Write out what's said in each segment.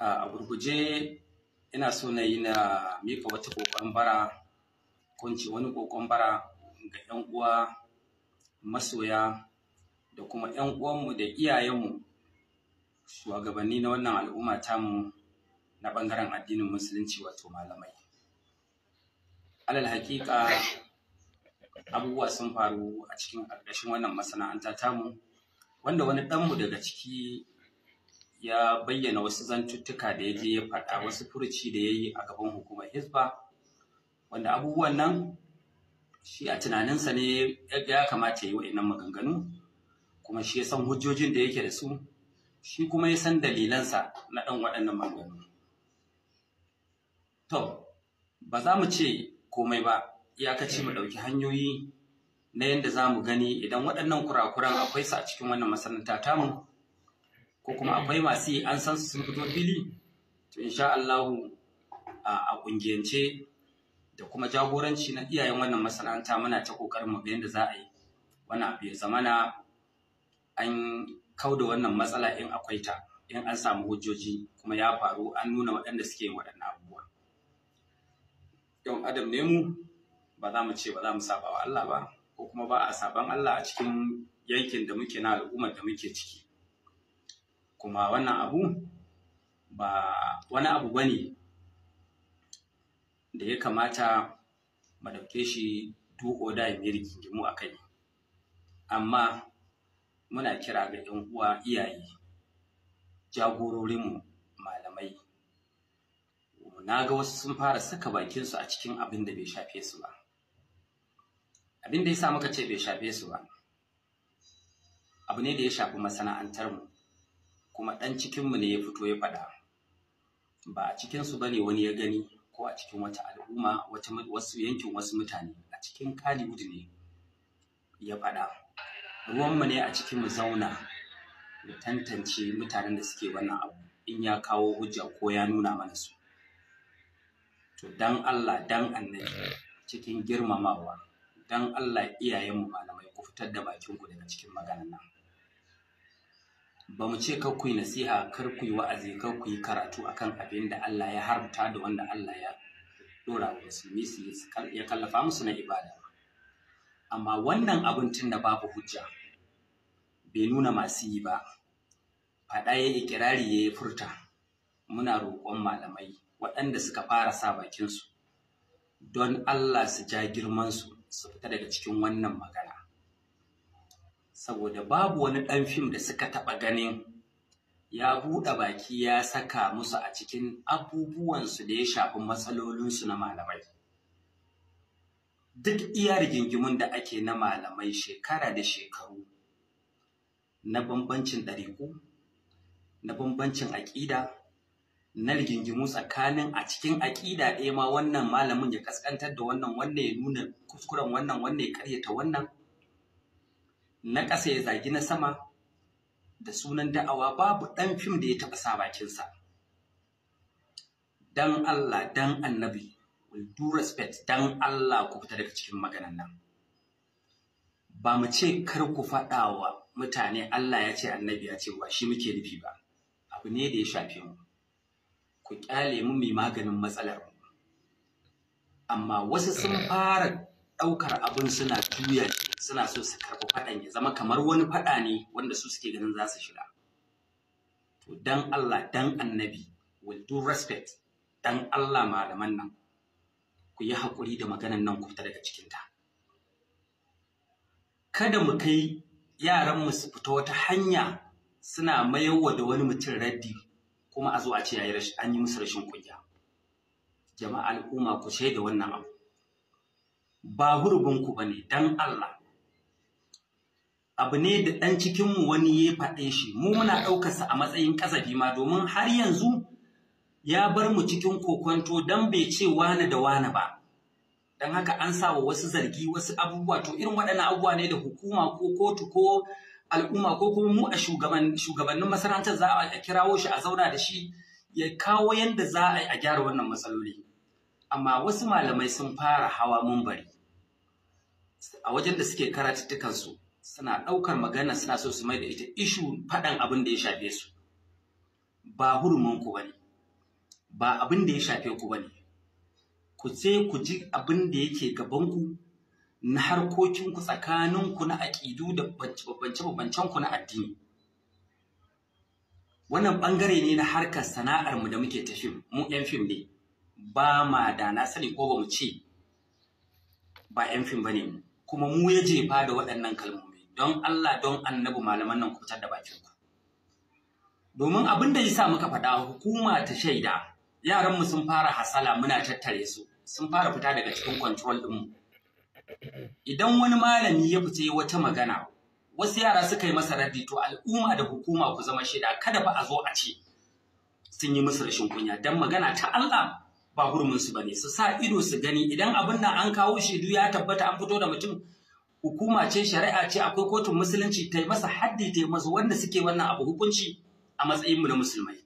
a gurguje ina so na yi na mika wata kokon bara kunci wani kokon bara ga 'yan uwa masoya da kuma 'yan uwanmu da iyayenmu shugabanni na wannan al'umma tamu na bangaren addinin musulunci wato malamai alal hakika abubuwa sun faru a cikin ƙarƙashin wannan masana'anta tamu wanda wani ɗanmu daga ciki ya bayyana wasu zantuttuka da ya je ya faɗa wasu furuci da ya yi a gaban hukumar hisba wanda abubuwan nan shi a tunaninsa ne ya kamata ya yi wa'innan maganganu kuma shi ya san hujjojin da yake da su shi kuma ya san dalilansa na ɗan waɗannan maganganu to ba za mu ce komai ba iyakaci mu ɗauki hanyoyi na yadda za mu gani idan waɗannan kurakuran akwai su a cikin wannan masana tamu ko kuma akwai masu yi an san su sun fito fili to insha Allahu a kungiyance da kuma jagoranci na iyayen wannan masana'anta muna ta kokarin mu ga yadda za a yi wannan abu ya zamana an kauda wannan matsala in akwai ta in an samu hujjoji kuma ya faru an nuna waɗanda suke yin waɗannan abubuwa don adam ne mu ba za mu ce ba za mu saba wa Allah ba ko kuma ba a saban Allah a cikin yankin da muke na al'ummar da muke ciki kuma wannan abu ba wani abu ba ne da ya kamata mu ɗauke shi tuƙo ya mai rigingimu a kai amma muna kira ga 'yan uwa iyaye jagororinmu malamai na ga wasu sun fara saka bakinsu a cikin abin da bai shafe su ba abin da ya sa muka ce bai shafe su ba abu ne da ya shafi masana'antarmu kuma ɗan cikinmu ne ya fito ya faɗa ba a cikinsu ba ne wani ya gani ko a cikin wata al'umma wasu yankin wasu mutane a cikin kaliwud ne ya faɗa ruwanmu ne a cikin mu zauna da tantance mutanen da suke wannan abu in ya kawo hujja ko ya nuna mana su to dan Allah dan annabi cikin girmamawa dan Allah iyayenmu malamai ku fitar da bakinku daga cikin maganan nan ba mu ce kar ku yi nasiha kar ku yi wa'azi kar ku yi karatu akan abin da Allah ya haramta da wanda Allah ya dora wa musulmi su ya kallafa musu na ibada amma wannan abin tun da babu hujja bai nuna masu yi ba faɗa ya ikirari ya yi furta muna roƙon malamai waɗanda suka fara sa bakinsu don Allah su ja girmansu su fita daga cikin wannan magana saboda babu wani ɗan fim da suka taɓa ganin ya buɗe baki ya saka musu a cikin abubuwansu da ya shafi matsalolinsu na malamai. Duk iya rigingimun da ake na malamai shekara da shekaru na bambancin ɗariku, na bambancin aƙida, na rigingimu tsakanin a cikin aƙida ɗaya ma wannan malamin ya kaskantar da wannan wannan ya nuna kuskuren wannan wannan ya karyata wannan na ƙasa ya zagi na sama da sunan da'awa babu ɗan fim da ya taɓa sa bakinsa dan Allah dan annabi with due respect dan Allah ku fita daga cikin maganan nan ba mu ce kar ku faɗa wa mutane Allah ya ce annabi ya ce wa shi muke nufi ba abu ne da ya shafe mu ku ƙyale mu mai maganin matsalar amma wasu sun fara ɗaukar abin suna juya shi suna so su karɓi faɗan ya zama kamar wani faɗa ne wanda su suke ganin za su shiga to dan Allah dan annabi with due respect dan Allah malaman nan ku yi haƙuri da maganan nan ku fita daga cikinta kada mu kai yaran mu su fita wata hanya suna mayarwa da wani mutum raddi kuma a zo a ce an yi musu rashin kunya jama'a al'umma ku shaida wannan abu ba hurbinku ba ne don Allah abu ne da ɗan cikinmu wani ya faɗe shi mu muna ɗaukarsa a matsayin ƙazafi ma domin har yanzu ya bar mu cikin kokonto don bai ce wane da wane ba don haka an sa wa wasu zargi wasu abubuwa to irin waɗannan abubuwa ne da hukuma ko kotu ko al'umma ko kuma mu a shugabannin masarantar za a kirawo shi a zauna da shi ya kawo yadda za a yi a gyara wannan matsaloli amma wasu malamai sun fara hawa mumbari a wajen da suke karatuttukansu suna ɗaukar magana suna so su mai da ita ishu faɗan abin da ya shafe su ba hurumin ku bane ba abin da ya shafe ku bane ku ce ku ji abin da yake gaban ku na harkokin ku tsakanin ku na aƙidu da babbance babbancen ku na addini wannan bangare ne na harkar sana'ar mu da muke ta fim mu yan fim ne ba ma da na sani ko ba mu ce ba yan fim bane ne. kuma mu ya jefa da waɗannan kalmomi don Allah don annabi malaman nan ku fitar da bakin ku domin abin da yasa muka faɗa hukuma ta shaida yaran mu sun fara hasala muna tattare su sun fara fita daga cikin control din mu idan wani malami ya fice wata magana wasu yara suka yi masa raddi to al'umma da hukuma ku zama shaida kada ba a zo a ce sun yi musu rashin kunya dan magana ta Allah ba hurumin su bane su sa ido su gani idan abin nan an kawo shaidu ya tabbata an fito da mutum hukuma ce shari'a ce akwai kotun musulunci ta yi masa haddi ta yi masa wanda suke wannan abu hukunci a matsayinmu na musulmai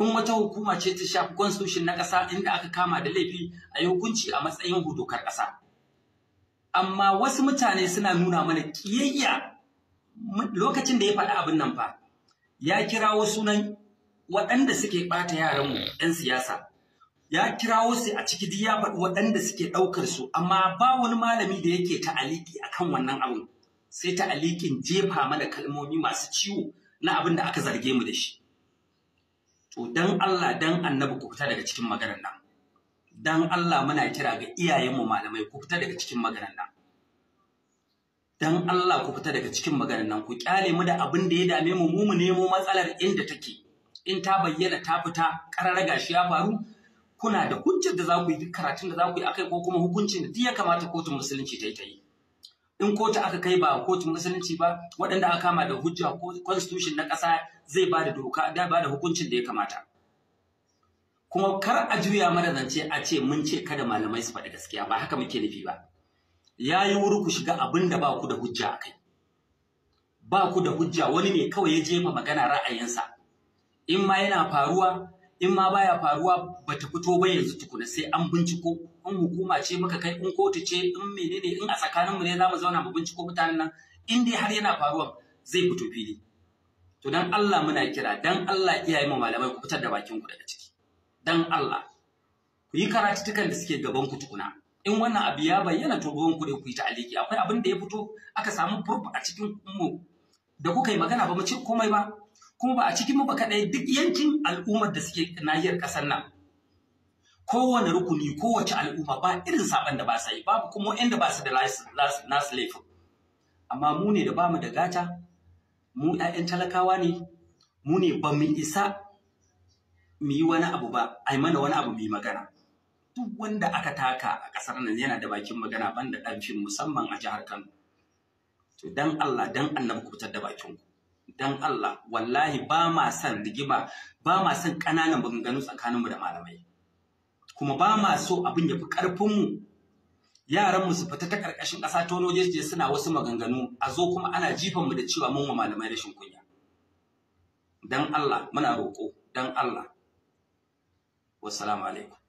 in wata hukuma ce ta shafi constitution na ƙasa inda aka kama da laifi a yi hukunci a matsayin hudokar ƙasa amma wasu mutane suna nuna mana ƙiyayya lokacin da ya faɗi abin nan fa ya kirawo sunan waɗanda suke ɓata yaranmu 'yan siyasa ya kirawo su a ciki duk ya faɗi waɗanda suke ɗaukar su amma ba wani malami da yake ta ta'aliki akan wannan abin sai ta ta'alikin jefa mana kalmomi masu ciwo na abin da aka zarge mu da shi to dan Allah dan annabi ku fita daga cikin maganar nan dan Allah muna kira ga iyayenmu malamai ku fita daga cikin maganar nan dan Allah ku fita daga cikin maganar nan ku kyale mu da abin da ya dame mu mu mu nemo matsalar inda take in ta bayyana ta fita ƙararraga shi ya faru kuna da hujjar da za ku yi karatun da za ku yi akai ko kuma hukuncin da duk ya kamata kotun musulunci ta yi ta yi in kotu aka kai ba kotun musulunci ba waɗanda aka kama da hujja ko constitution na ƙasa zai ba da doka da ba da hukuncin da ya kamata kuma kar a juya mara zance a ce mun ce kada malamai su faɗi gaskiya ba haka muke nufi ba ya yi wuri ku shiga abin da ba ku da hujja a kai ba ku da hujja wani ne kawai ya jefa magana ra'ayinsa in ma yana faruwa in ma baya faruwa bata fito ba yanzu tukuna sai an binciko in hukuma ce muka kai in kotu ce in menene in a tsakanin mu ne zamu zauna mu binciko mutanen nan in dai har yana faruwa zai fito fili to dan Allah muna kira dan Allah iyaye mu malamai ku fitar da bakin ku daga ciki dan Allah ku yi karatutukan da suke gaban ku tukuna in wannan abu ya bayyana to gaban ku dai ku yi ta akwai abin da ya fito aka samu furfu a cikin mu da kuka yi magana ba mu ce komai ba kuma ba a cikin mu ba kadai duk yankin al'ummar da suke nahiyar kasar nan kowane rukuni kowace al'umma ba irin saban da ba sa yi babu kuma wanda ba su da nasu laifin amma mu ne da bamu da gata mu 'ya'yan talakawa ne mu ne ba mu isa mu yi wani abu ba ai mana wani abu mu magana duk wanda aka taka a ƙasar nan yana da bakin magana banda ɗan fim musamman a jihar Kano to dan Allah dan annabi ku fitar da bakinku. dan Allah wallahi ba ma son rigima ba ma son ƙananan maganganu tsakaninmu da malamai kuma ba ma so abin ya fi ƙarfinmu yaranmu su fita ta ƙarƙashin ƙasa ta wani waje suna wasu maganganu a zo kuma ana jifan mu da cewa mun wa malamai rashin kunya dan Allah muna roƙo dan Allah wassalamu alaikum